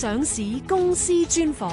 上市公司專訪。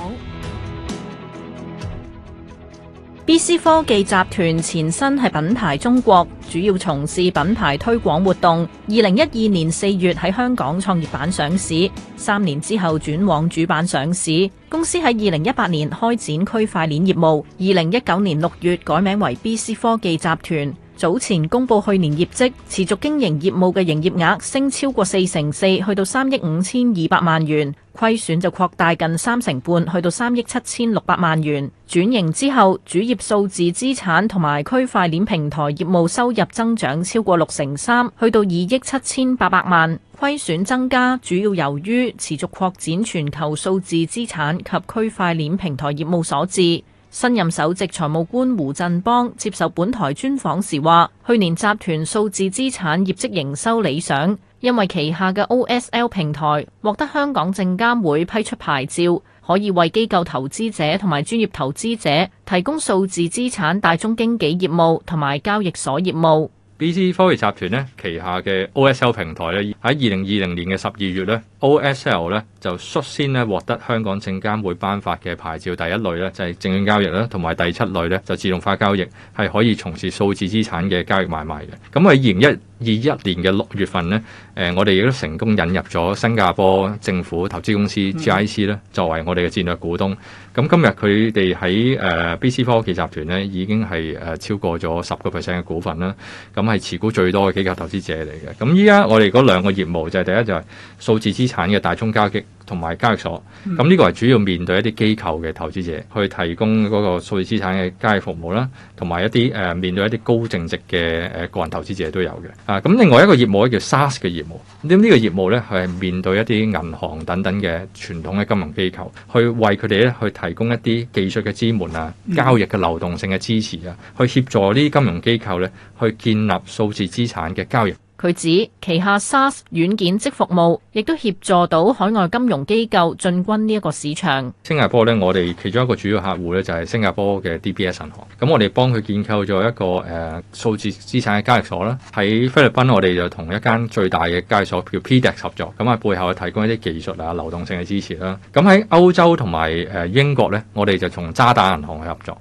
BC 科技集團前身係品牌中國，主要從事品牌推廣活動。二零一二年四月喺香港創業板上市，三年之後轉往主板上市。公司喺二零一八年開展區塊鏈業務，二零一九年六月改名為 BC 科技集團。早前公布去年業績，持續經營業務嘅營業額升超過四成四，去到三億五千二百萬元，虧損就擴大近三成半，去到三億七千六百萬元。轉型之後，主業數字資產同埋區塊鏈平台業務收入增長超過六成三，去到二億七千八百萬，虧損增加主要由於持續擴展全球數字資產及區塊鏈平台業務所致。新任首席財務官胡振邦接受本台專訪時話：去年集團數字資產業績營收理想，因為旗下嘅 OSL 平台獲得香港證監會批出牌照，可以為機構投資者同埋專業投資者提供數字資產大宗經紀業務同埋交易所業務。B C 科技集團旗下嘅 O S L 平台咧，喺二零二零年嘅十二月咧，O S L 就率先咧獲得香港證監會頒發嘅牌照，第一類咧，就係證券交易，同埋第七類咧，就自動化交易係可以從事數字資產嘅交易買賣嘅。咁喺二零一二一年嘅六月份呢，誒、呃，我哋亦都成功引入咗新加坡政府投資公司 GIC 咧，作為我哋嘅戰略股東。咁今日佢哋喺誒 BC 科技集團咧，已經係誒超過咗十個 percent 嘅股份啦。咁係持股最多嘅幾個投資者嚟嘅。咁依家我哋嗰兩個業務就係、是、第一就係數字資產嘅大宗交易。同埋交易所，咁呢個係主要面對一啲機構嘅投資者，去提供嗰個數字資產嘅交易服務啦。同埋一啲誒、呃、面對一啲高淨值嘅誒個人投資者都有嘅。啊，咁另外一個業務咧叫 SaaS 嘅業務。咁呢個業務咧係面對一啲銀行等等嘅傳統嘅金融機構，去為佢哋咧去提供一啲技術嘅支援啊、交易嘅流動性嘅支持啊，去協助呢啲金融機構咧去建立數字資產嘅交易。佢指旗下 SaaS 軟件即服務，亦都協助到海外金融機構進軍呢一個市場。新加坡呢，我哋其中一個主要客戶呢，就係、是、新加坡嘅 DBS 銀行。咁我哋幫佢建構咗一個誒、呃、數字資產嘅交易所啦。喺菲律賓，我哋就同一間最大嘅交易所叫 PDEX 合作。咁啊，背後去提供一啲技術啊、流動性嘅支持啦。咁喺歐洲同埋誒英國呢，我哋就從渣打銀行去合作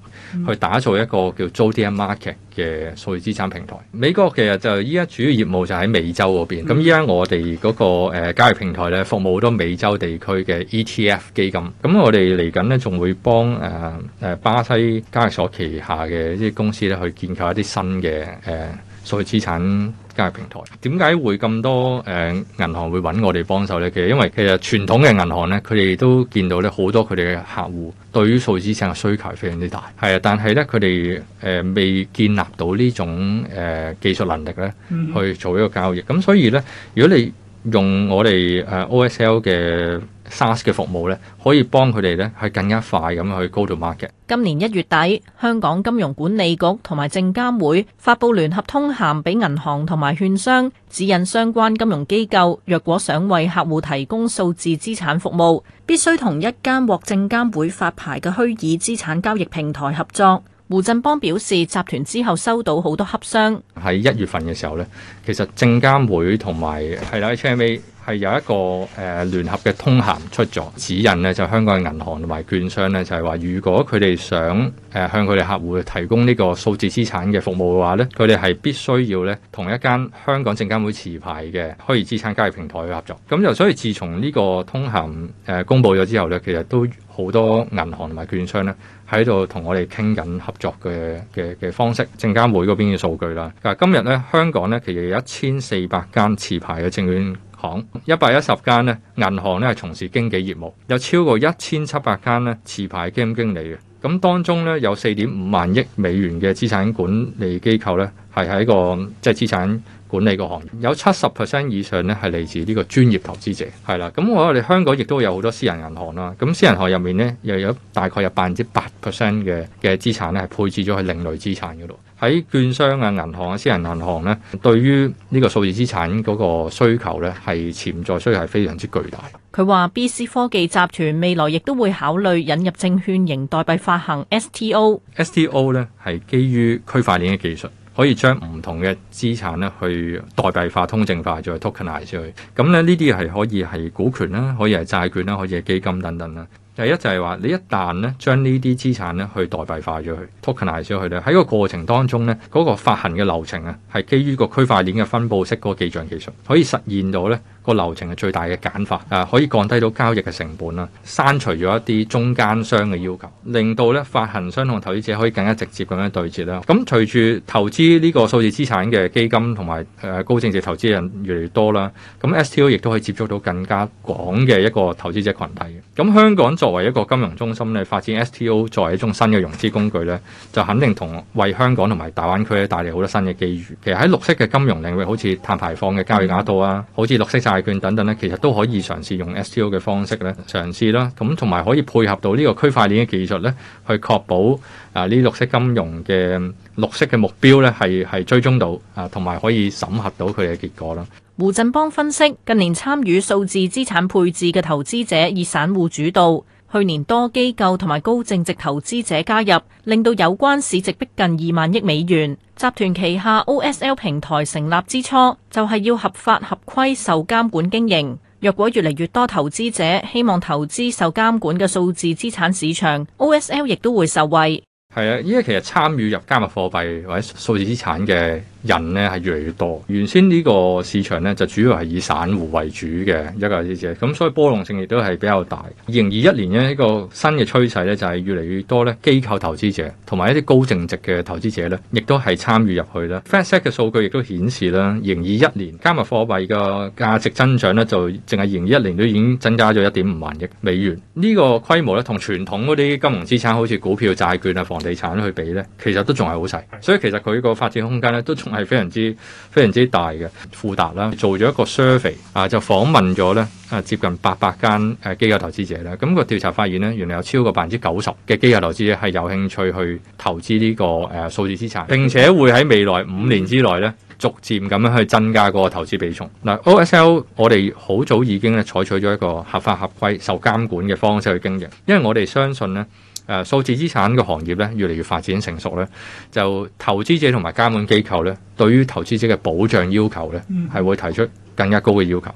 去打造一個叫 Zodia Market。嘅數字資產平台，美國其實就依家主要業務就喺美洲嗰邊。咁依、嗯、家我哋嗰個交易平台咧，服務好多美洲地區嘅 ETF 基金。咁我哋嚟緊咧，仲會幫誒誒巴西交易所旗下嘅一啲公司咧，去建構一啲新嘅誒、啊、數字資產。加入平台，點解會咁多誒、呃、銀行會揾我哋幫手呢？其實因為其實傳統嘅銀行呢，佢哋都見到咧，好多佢哋嘅客戶對於數字性嘅需求非常之大，係啊，但係呢，佢哋誒未建立到呢種誒、呃、技術能力咧，去做一個交易。咁、mm hmm. 所以呢，如果你用我哋誒、呃、OSL 嘅 SaaS 嘅服務咧，可以幫佢哋咧去更加快咁去高度 Mark 嘅。今年一月底，香港金融管理局同埋證監會發布聯合通函，俾銀行同埋券商指引相關金融機構，若果想為客戶提供數字資產服務，必須同一間獲證監會發牌嘅虛擬資產交易平台合作。胡振邦表示，集團之後收到好多洽商。喺一月份嘅時候咧，其實證監會同埋係啦 HKMA 係有一個誒、呃、聯合嘅通函出咗，指引呢就香港嘅銀行同埋券商呢就係、是、話，如果佢哋想誒、呃、向佢哋客戶提供呢個數字資產嘅服務嘅話呢，佢哋係必須要呢同一間香港證監會持牌嘅虛擬資產交易平台去合作。咁就所以自從呢個通函誒、呃、公布咗之後呢，其實都。好多銀行同埋券商咧，喺度同我哋傾緊合作嘅嘅嘅方式。證監會嗰邊嘅數據啦，嗱，今日咧香港咧其實有一千四百間持牌嘅證券行，一百一十間咧銀行咧係從事經紀業務，有超過一千七百間咧持牌基金經理。嘅。咁當中咧有四點五萬億美元嘅資產管理機構咧，係喺個即係資產管理個行業，有七十 percent 以上咧係嚟自呢個專業投資者，係啦。咁我哋香港亦都有好多私人銀行啦。咁私人銀行入面咧又有大概有百分之八 percent 嘅嘅資產咧係配置咗喺另類資產嗰度。喺券商啊、銀行啊、私人銀行咧，對於呢個數字資產嗰個需求咧，係潛在需求係非常之巨大。佢話：BC 科技集團未來亦都會考慮引入證券型代幣發行 S T O。S T O 咧係基於區塊鏈嘅技術，可以將唔同嘅資產咧去代幣化、通證化，再、就是、tokenize 去。咁咧呢啲係可以係股權啦，可以係債券啦，可以係基金等等啦。第一就係、是、話，你一旦咧將呢啲資產去代幣化咗佢，tokenize 咗佢喺個過程當中咧，嗰、那個發行嘅流程啊，係基於個區塊鏈嘅分布式嗰個記帳技術，可以實現到咧。個流程係最大嘅簡化，啊可以降低到交易嘅成本啦，刪除咗一啲中間商嘅要求，令到咧發行商同投資者可以更加直接咁樣對接啦。咁隨住投資呢個數字資產嘅基金同埋誒高淨值投資人越嚟越多啦，咁、啊、STO 亦都可以接觸到更加廣嘅一個投資者群體。咁、啊、香港作為一個金融中心咧，發展 STO 作為一種新嘅融資工具咧，就肯定同為香港同埋大灣區咧帶嚟好多新嘅機遇。其實喺綠色嘅金融領域，好似碳排放嘅交易額度啊，嗯、好似綠色債券等等咧，其實都可以嘗試用 STO 嘅方式咧嘗試啦。咁同埋可以配合到呢個區塊鏈嘅技術咧，去確保啊呢綠色金融嘅綠色嘅目標咧係係追蹤到啊，同埋可以審核到佢嘅結果啦。胡振邦分析近年參與數字資產配置嘅投資者以散戶主導。去年多機構同埋高淨值投資者加入，令到有關市值逼近二萬億美元。集團旗下 OSL 平台成立之初就係要合法合規受監管經營。若果越嚟越多投資者希望投資受監管嘅數字資產市場，OSL 亦都會受惠。係啊，因為其實參與入加密貨幣或者數字資產嘅。人咧係越嚟越多，原先呢個市場咧就主要係以散戶為主嘅一個投資者，咁所以波動性亦都係比較大。二零二一年呢，呢個新嘅趨勢咧，就係越嚟越多咧機構投資者同埋一啲高淨值嘅投資者咧，亦都係參與入去咧。f e s e c 嘅數據亦都顯示啦，二零二一年加密貨幣嘅價值增長咧，就淨係二一年都已經增加咗一點五萬億美元。呢、這個規模咧同傳統嗰啲金融資產好似股票、債券啊、房地產去比咧，其實都仲係好細，所以其實佢個發展空間咧都從。係非常之非常之大嘅。富達啦，做咗一個 survey 啊，就訪問咗咧啊接近八百間誒機構投資者咧，咁、那個調查發現咧，原來有超過百分之九十嘅機構投資者係有興趣去投資呢、這個誒數、啊、字資產，並且會喺未來五年之內咧，逐漸咁樣去增加嗰個投資比重。嗱、啊、OSL 我哋好早已經咧採取咗一個合法合規、受監管嘅方式去經營，因為我哋相信咧。誒、啊、數字資產嘅行業咧，越嚟越發展成熟咧，就投資者同埋監管機構咧，對於投資者嘅保障要求咧，係會提出更加高嘅要求。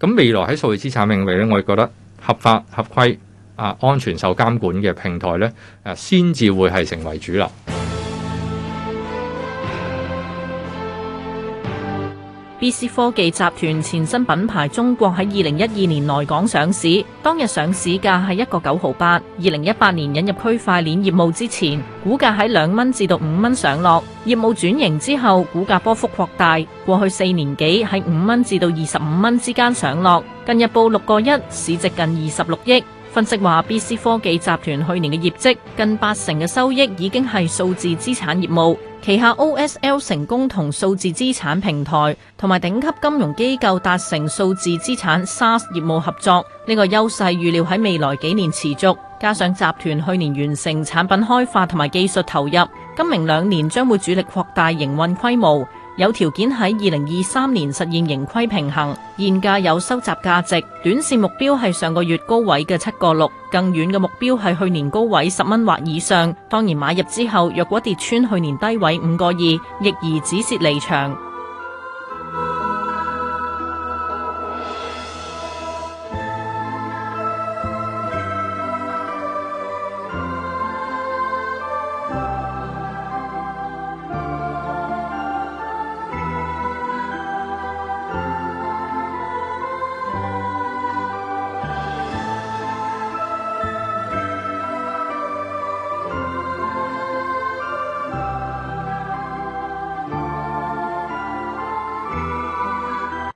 咁未來喺數字資產領域咧，我哋覺得合法合規、啊安全受監管嘅平台咧，誒先至會係成為主流。BC 科技集團前身品牌中國喺二零一二年來港上市，當日上市價係一個九毫八。二零一八年引入區塊鏈業務之前，股價喺兩蚊至到五蚊上落；業務轉型之後，股價波幅擴大，過去四年幾喺五蚊至到二十五蚊之間上落。近日報六個一，市值近二十六億。分析話，BC 科技集團去年嘅業績近八成嘅收益已經係數字資產業務，旗下 OSL 成功同數字資產平台同埋頂級金融機構達成數字資產 SaaS 業務合作，呢個優勢預料喺未來幾年持續。加上集團去年完成產品開發同埋技術投入，今明兩年將會主力擴大營運規模。有條件喺二零二三年實現盈虧平衡，現價有收集價值，短線目標係上個月高位嘅七個六，更遠嘅目標係去年高位十蚊或以上。當然買入之後，若果跌穿去年低位五個二，亦而止蝕離場。